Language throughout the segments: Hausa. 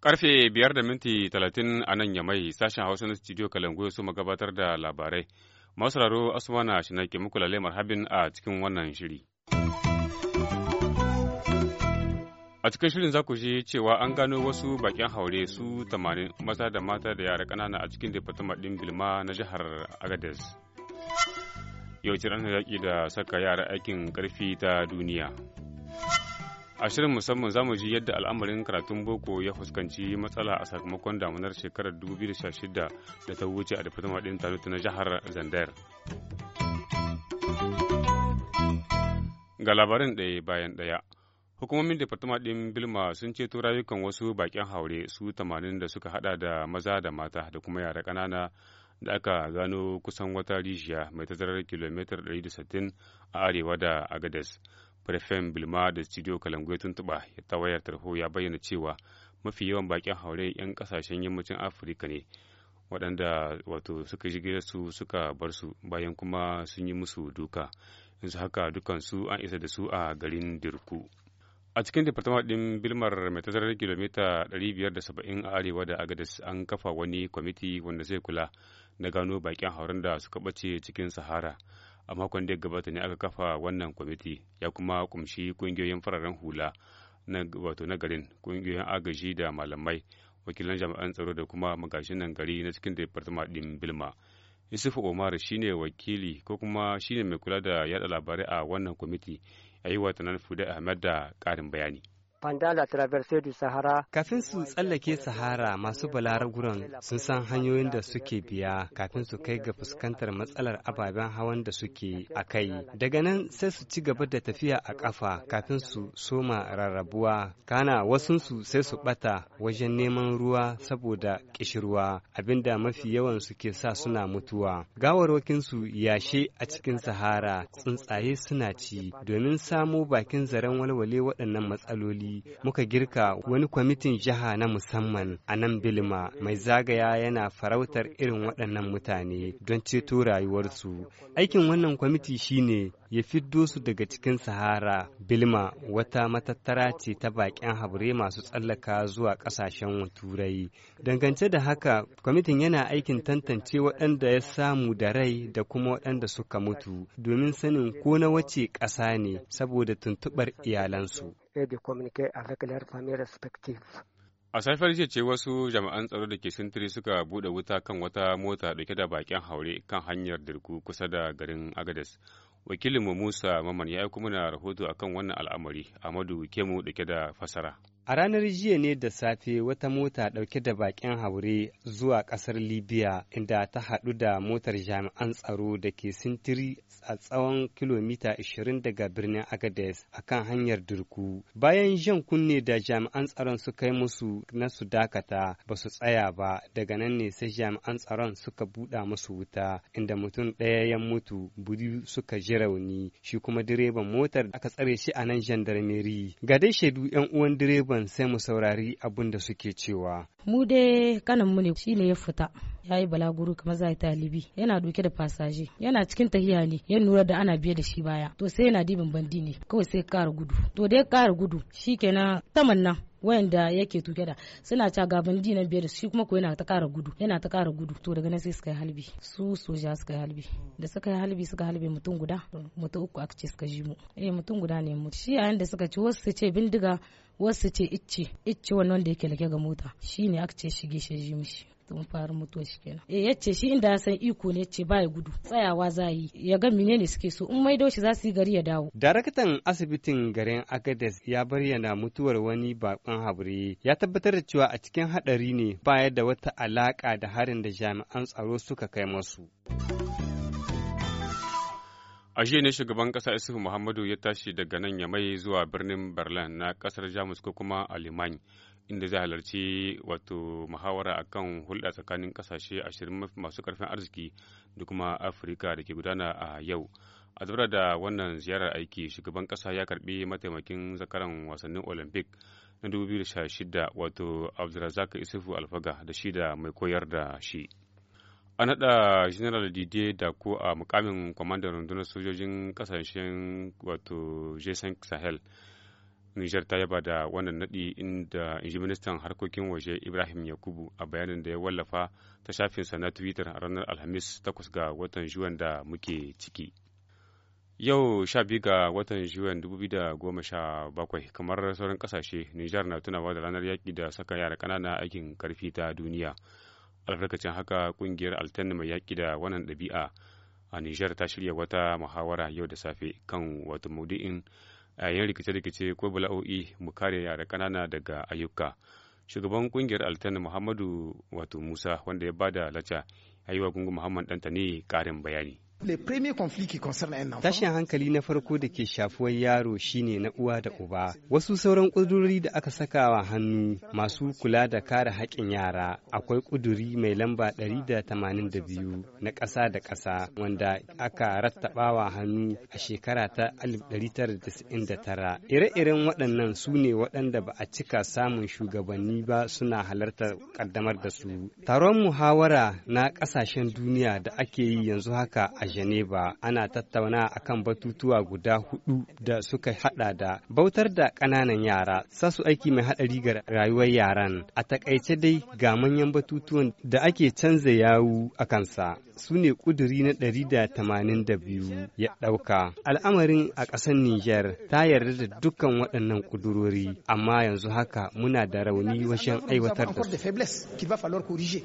Karfe biyar da minti talatin a nan yamai sashen Hausa na studio Kalangu su gabatar da labarai. Masu raro Asmana Shinaki muku lalemar habin a cikin wannan shiri. A cikin shirin za ku ji cewa an gano wasu bakin haure su 80 maza da mata da yara ƙanana a cikin departamar ɗin Bilma na jihar Agadez. Yau ce ranar yaƙi da saka yara aikin ƙarfi ta duniya. A shirin musamman za mu ji yadda al'amarin karatun boko ya fuskanci matsala a sakamakon damunar shekarar 2016 da ta wuce a departamar ɗin Talutu na jihar Zandar. Ga labarin ɗaya bayan ɗaya. Hukumomin Departama ɗin Bilma sun ceto rayukan wasu baƙin haure su tamanin da suka hada da maza da mata da kuma yara kanana da aka gano kusan wata rijiya mai tazarar kilomitar 160 a arewa da agadas prefem Bilma da Studio Kalangwe tuba ta wayar tarho ya bayyana cewa mafi yawan bakin haure 'yan kasashen yammacin Afirka ne. waɗanda wato suka shige su suka bar su bayan kuma sun yi musu duka yanzu haka dukansu an isa da su a garin dirku a cikin departamar ɗin bilmar mai tazarar kilomita 570 a arewa da agadis an kafa wani kwamiti wanda zai kula na gano bakin hauren da suka bace cikin sahara a makon da ya gabata ne aka kafa wannan kwamiti ya kuma kumshi kungiyoyin fararen hula na wato na garin kungiyoyin agaji da malamai wakilan jami'an tsaro da kuma magashin nan gari na cikin departamar ɗin bilma yusufu omar shine wakili ko kuma shi ne mai kula da yada labarai a wannan kwamiti a yi wa tanar fude ahmed da ƙarin bayani sahara Kafin su tsallake Sahara masu balaraguran sun san hanyoyin da suke biya kafin su kai ga fuskantar matsalar ababen hawan da suke a kai. Daga nan sai su ci gaba da tafiya a ƙafa kafin su soma rarrabuwa. Kana su sai su ɓata wajen neman ruwa saboda ƙishirwa abinda mafi yawan suke sa suna mutuwa. Gawarwakinsu yashe a cikin Sahara tsuntsaye suna ci domin samo bakin zaren walwale waɗannan matsaloli. muka girka wani kwamitin jiha na musamman a nan Bilma mai zagaya yana farautar irin waɗannan mutane don ceto rayuwarsu. Aikin wannan kwamiti shine ya fiddo su daga cikin Sahara. Bilma wata matattara ce ta baƙin habure masu tsallaka zuwa ƙasashen Turai. Dangance da haka, kwamitin yana aikin tantance waɗanda ya samu da rai da kuma waɗanda suka mutu domin sanin ko na wace ƙasa ne saboda tuntuɓar iyalansu. de communiquer avec leurs familles respectives. A safiyar ce ce wasu jami'an tsaro da ke sintiri suka buɗe wuta kan wata mota ke da bakin haure kan hanyar dirku kusa da garin Agadez. mu Musa Maman ya aiko na rahoto akan wannan al'amari, Amadu Kemu ke da fasara. A ranar jiya ne da safe wata mota ɗauke da baƙin haure zuwa ƙasar Libya inda ta haɗu da motar jami'an tsaro da ke sintiri a tsawon kilomita 20 daga birnin Agades a kan hanyar Durku. Bayan jan kunne da jami'an tsaron suka yi musu na su dakata ba su tsaya ba daga nan ne sai jami'an tsaron suka buɗa musu wuta inda mutum ɗaya ya mutu buri suka ji rauni shi kuma direban motar aka tsare shi a nan jandarmeri. Ga dai shaidu 'yan uwan direban malaman sai mu saurari abin da suke cewa. Mu dai mu ne shi ne ya fita. ya yi balaguro kamar zai talibi yana doke da fasaje yana cikin tahiya ne ya nura da ana biye da shi baya to sai yana dibin bandi ne kawai sai kara gudu to da ya kara gudu shikenan saman nan wayanda yake tuke da suna ca gaban bandi nan biyar shi kuma ko yana ta kara gudu yana ta kara gudu to daga nan sai suka yi halbi su soja suka yi halbi da suka yi halbi suka halbe mutum guda mutum uku aka ce suka ji mu eh mutum guda ne mu shi yayin da suka ci wasu su ce bindiga wasu ce icce icce wannan da yake lake ga mota shine aka ce shige shi ji shi. tun fara mutuwa shi kenan eh, ya yace shi inda san iko ne ce ba ya gudu tsayawa za yi ya ga mine ne suke so in mai shi za su yi gari ya dawo daraktan asibitin garin agades ya bayyana mutuwar wani bakon habure ya tabbatar da cewa a cikin hadari ne baya da wata alaka da harin da jami'an tsaro suka kai masu A jiya ne shugaban ƙasa isuf Muhammadu ya tashi daga nan ya mai zuwa birnin Berlin na ƙasar Jamus ko kuma Alemany inda zai halarci wato muhawara akan hulɗa tsakanin ƙasashe ashirin masu ƙarfin arziki da kuma afirka da ke gudana a yau a zubar da wannan ziyarar aiki shugaban ƙasa ya karɓi mataimakin zakaran wasannin olympic na 2016 wato abdulrazak isufu alfaga da shi da mai koyar da shi an naɗa general didier ko a mukamin kwamandan rundunar sojojin kasashen wato jason sahel Nijar ta yaba da wannan naɗi inda inji ministan harkokin waje Ibrahim Yakubu a bayanin da ya wallafa ta shafinsa na Twitter a ranar Alhamis 8 ga watan Juwan da muke ciki. Yau sha biyu ga watan Juwan 2017 kamar sauran kasashe Nijar na tunawa da ranar yaƙi da saka yara ƙanana aikin ƙarfi ta duniya. Albarkacin haka ƙungiyar Alten mai yaƙi da wannan ɗabi'a a Nijar ta shirya wata muhawara yau da safe kan wata maudu'in yayin rikice-rikice ko bala'o'i mu kare yara ƙanana daga ayyuka shugaban ƙungiyar altan muhammadu wato musa wanda ya bada lacca ayyuka yi wa gungun muhammad dantani ƙarin bayani Tashin hankali na farko da ke shafuwar yaro shine na uwa da uba. Wasu sauran ƙudurori da aka saka wa hannu masu kula da kare haƙƙin yara akwai ƙuduri mai lamba 182 na ƙasa da ƙasa wanda aka rattaba wa hannu a shekara ta 1999. Ire-iren waɗannan su ne waɗanda ba a cika samun shugabanni ba suna halartar ƙaddamar da su. Taron muhawara na ƙasashen duniya da ake yi yanzu haka a Geneva ana tattauna akan batutuwa guda hudu da suka hada da bautar da ƙananan yara, sasu aiki mai haɗari ga rayuwar yaran. A takaice dai ga manyan batutuwan da ake canza yawu a kansa. Su ne kuduri na 182 ya ɗauka. Al'amarin a ƙasar Nijar ta yarda da dukkan waɗannan kudurori amma yanzu haka muna da rauni wajen aiwatar da su.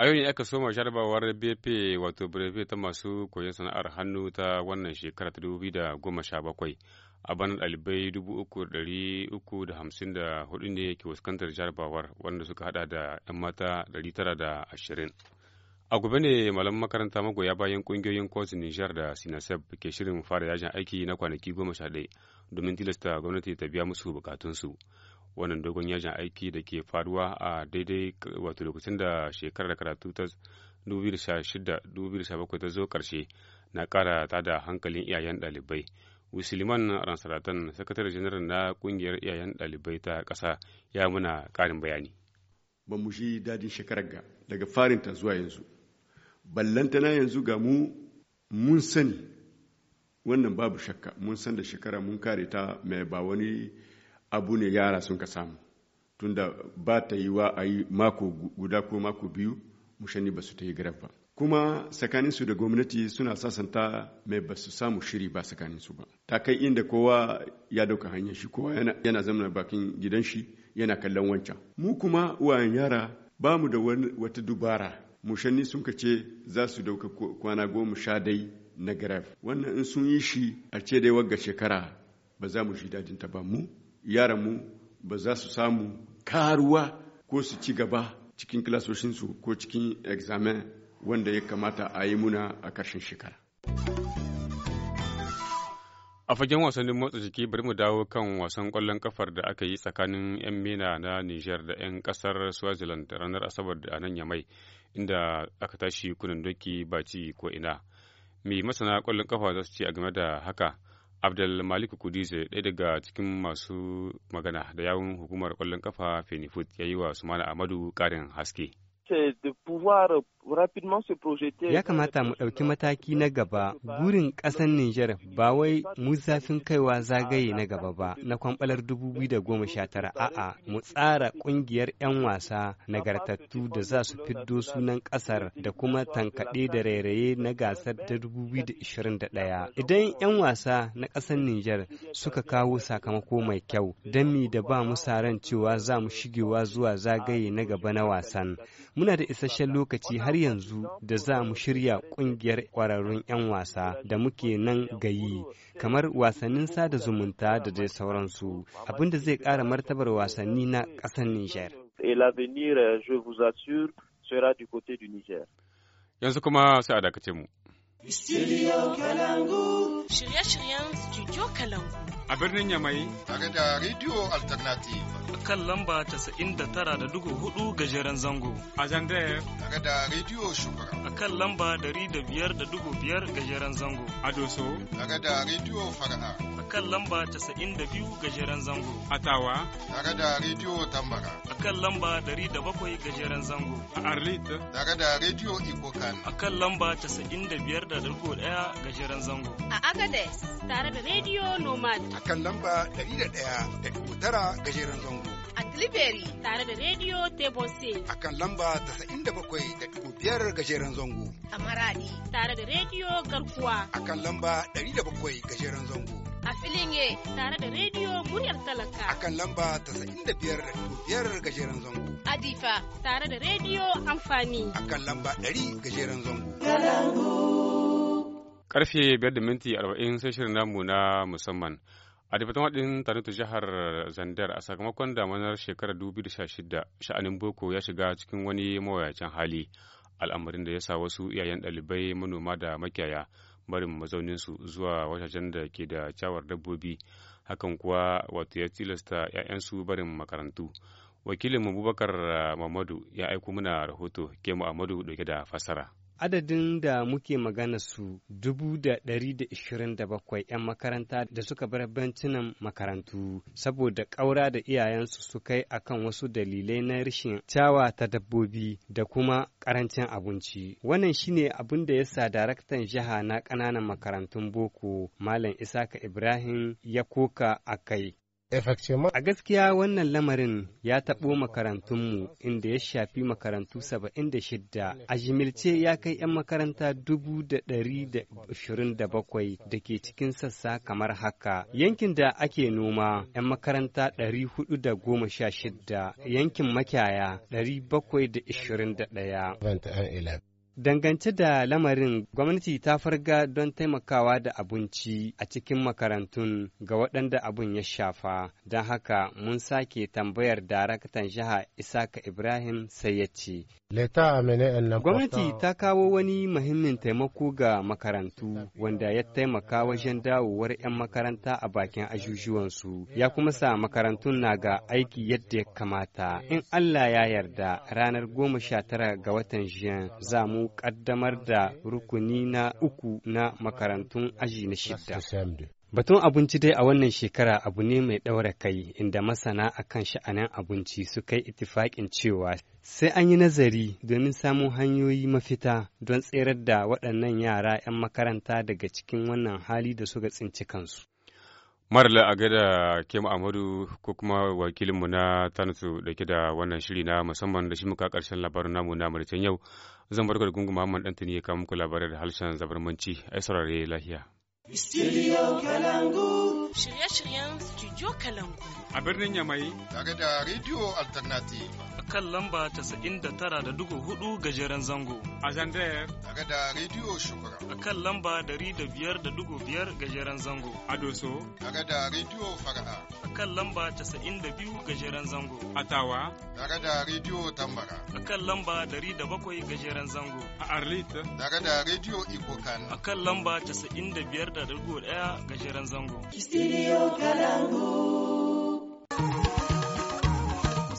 A yau ne aka soma jarabawar bp wato brevet ta masu koyon sana'ar hannu ta wannan shekara ta dubu da goma sha bakwai. A bana ɗalibai dubu uku da ɗari uku da hamsin da hudu ne ke fuskantar jarabawar wanda suka hada da 'yan mata ɗari tara da ashirin. A gobe ne malam makaranta magoya bayan ƙungiyoyin kotu Nijar da Sinasef ke shirin fara yajin aiki na kwanaki goma sha ɗaya domin tilasta gwamnati ta biya musu bukatunsu. wannan dogon yajin aiki da ke faruwa a daidai wato lokacin da shekarar karatu ta 2016-2017 ta zo karshe na kara tada hankalin iyayen ɗalibai. Wusiliman Ransaratan, sakatare janar na ƙungiyar iyayen ɗalibai ta kasa ya muna karin bayani. Ba mu shi dadin shekarar ga daga farinta zuwa yanzu. na yanzu ga mu mun sani wannan babu shakka mun san da shekara mun kare ta mai ba wani abu ne yara sun ka samu tunda ba ta yi wa a yi mako guda ko mako biyu mushani ba su ta yi grab ba kuma tsakaninsu da gwamnati suna sasanta mai ba su samu shiri ba tsakaninsu ba ta kai inda kowa ya dauka hanyar shi kowa yana, zama bakin gidan shi yana kallon wancan mu kuma uwayen yara ba mu da wata dubara mushanni sun ka ce za su dauka kwana goma sha dai na graf wannan in sun yi shi a ce dai wagga shekara ba za mu shi dajin ta ba mu yaranmu ba za su samu karuwa ko su ci gaba cikin kilasoshinsu ko cikin examen wanda ya kamata a yi muna a karshen shekara. A fagen wasannin motsa jiki bari mu dawo kan wasan ƙwallon kafar da aka yi tsakanin 'yan mena na Nijar da 'yan ƙasar Swaziland ranar Asabar da nan Yamai inda aka tashi kunan doki ba ci ko ina. Me masana ƙwallon kafa za su ce a game da haka? Abdulmalik Kudize ɗaya daga cikin masu magana da yawun hukumar ƙwallon kafa Fenifut ya yi wa Sumana Amadu ƙarin haske. Ya kamata mu ɗauki mataki na gaba gurin ƙasar Nijar ba wai mu zafin kaiwa zagaye na gaba ba na kwamɓalar 2019 a'a mu tsara ƙungiyar 'yan wasa nagartattu da za su fiddo sunan ƙasar da kuma tankaɗe da rairaye na gasar ta 2021. Idan 'yan wasa na ƙasar Nijar suka kawo sakamako mai kyau don mi da ba mu ran cewa za mu shigewa zuwa zagaye na gaba na wasan. Muna da isasshen lokaci har yanzu da za mu shirya ƙungiyar ƙwararrun 'yan wasa da muke nan ga yi kamar wasannin sada zumunta da dai sauransu abinda zai kara martabar wasanni na ƙasar Nijar. Yanzu kuma sai a dakace mu. Studio Kalangu. Shirye-shiryen Studio Kalangu. A birnin Yamai. Tare da Radio Alternative. Kan lamba 99.4 gajeren zango. A Zandaya. Tare da Radio Shugaba. A kan lamba 105.5 gajeren zango. A Doso. Tare da Radio Fara'a. A kan lamba 92 gajeren zango. A Tawa. Tare da Radio Tambara. A kan lamba 107 gajeren zango. A Arlit. Tare da Radio Ikokan. A kan lamba da. ga gajeren zango. A Agades tare da Radio Nomad. A kan lamba 101.9 gajeren zango. A Tilibiri tare da Radio Tebose. A kan lamba 97.5 gajeren zango. A Maradi tare da Radio Garkuwa. A kan lamba 107 gajeren zango. a filin tare da rediyo muryar talaka a kan lamba 95.5 da biyar zango a zango tare da rediyo amfani a kan lamba ga gajeren zango kalangu Karfe biyar da minti arba'in sai shirin namu na musamman. A dafatan waɗin tare da jihar Zandar a sakamakon damanar shekarar 2016 sha'anin boko ya shiga cikin wani mawayacin hali al'amarin da ya sa wasu iyayen ɗalibai manoma da makiyaya barin mazauninsu zuwa wajajen da ke da cawar dabbobi hakan kuwa wato ya tilasta 'ya'yansu barin makarantu wakilin mabubakar mamadu ya aiko mana rahoto ke amadu dauke da fasara adadin da muke magana su dubu da ɗari da ishirin da bakwai 'yan makaranta da suka bar bancinan makarantu saboda ƙaura da iyayensu su kai akan wasu dalilai na rashin cawa ta dabbobi da kuma ƙarancin abinci wannan shine abin da yasa daraktan jiha na ƙananan makarantun boko malam isaka ibrahim ya koka a kai A gaskiya wannan lamarin ya taɓo makarantunmu inda ya shafi makarantu 76 a jimilce ya kai 'yan makaranta 127 da ke cikin sassa kamar haka. Yankin da ake noma 'yan makaranta 416 yankin makyaya 721. Dangance da lamarin gwamnati ta farga don taimakawa da abinci a cikin makarantun ga waɗanda abin ya shafa, don haka mun sake tambayar daraktan jiha Isaka Ibrahim sai ya ce. Gwamnati ta kawo wani muhimmin taimako ga makarantu wanda ya taimaka wajen dawowar 'yan makaranta a bakin ajujuwansu, ya kuma sa makarantun na ga aiki yadda ya kamata. In Allah ya yarda ranar goma sha tara ga watan Jiyan za mu kaddamar ƙaddamar da rukuni na uku na makarantun aji na shidda. Batun abinci dai a wannan shekara abu ne mai ɗaura kai inda masana a kan sha'anin abinci suka yi itifaƙin cewa sai an yi nazari domin samun hanyoyi mafita don tserar da waɗannan yara 'yan makaranta daga cikin wannan hali da suka tsinci kansu. Marla a gada Kim Amadu ko kuma wakilinmu na tanatu da ke da wannan shiri na musamman da shi muka karshen labarin namu na Mauritan yau zan barka da gungun Muhammad Dantani ya kawo muku labarin da harshen zabarmanci ai saurare lahiya. Studio Kalangu. shirye-shiryen Studio Kalangu. A birnin Yamai. Tare da Radio Alternative. A kan lamba da tara da dugu hudu gajeren zango. A Zandayar. Tare da Radio Shukura. A kan lamba dari da biyar da dugu biyar gajeren zango. A Doso. Tare da Radio Fara'a. kan lamba 92 gajeren zango. A Tawa. Daga da Rediyo Tambara. A kan lamba 107 gajeren zango. A Arlita. Daga da Rediyo Ikokan. A kan lamba 95.1 gajeren zango. Studio Kalangu.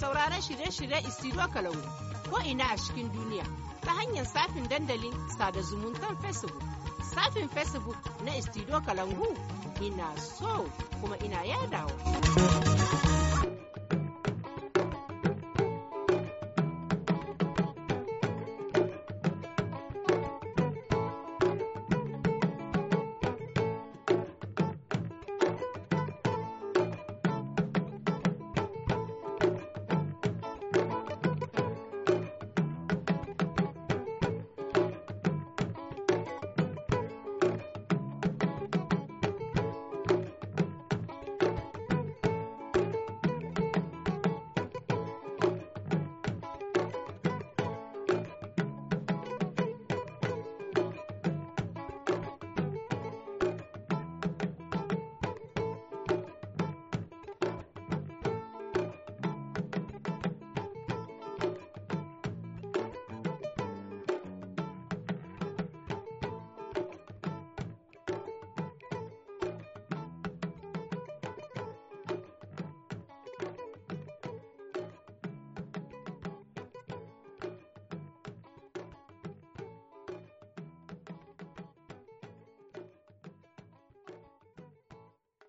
Sauraron shirye-shirye Istiro Kalangu ko ina a cikin duniya ta hanyar safin dandalin sada zumuntar Facebook. shafin facebook na istido kalangu ina so kuma ina yadawa.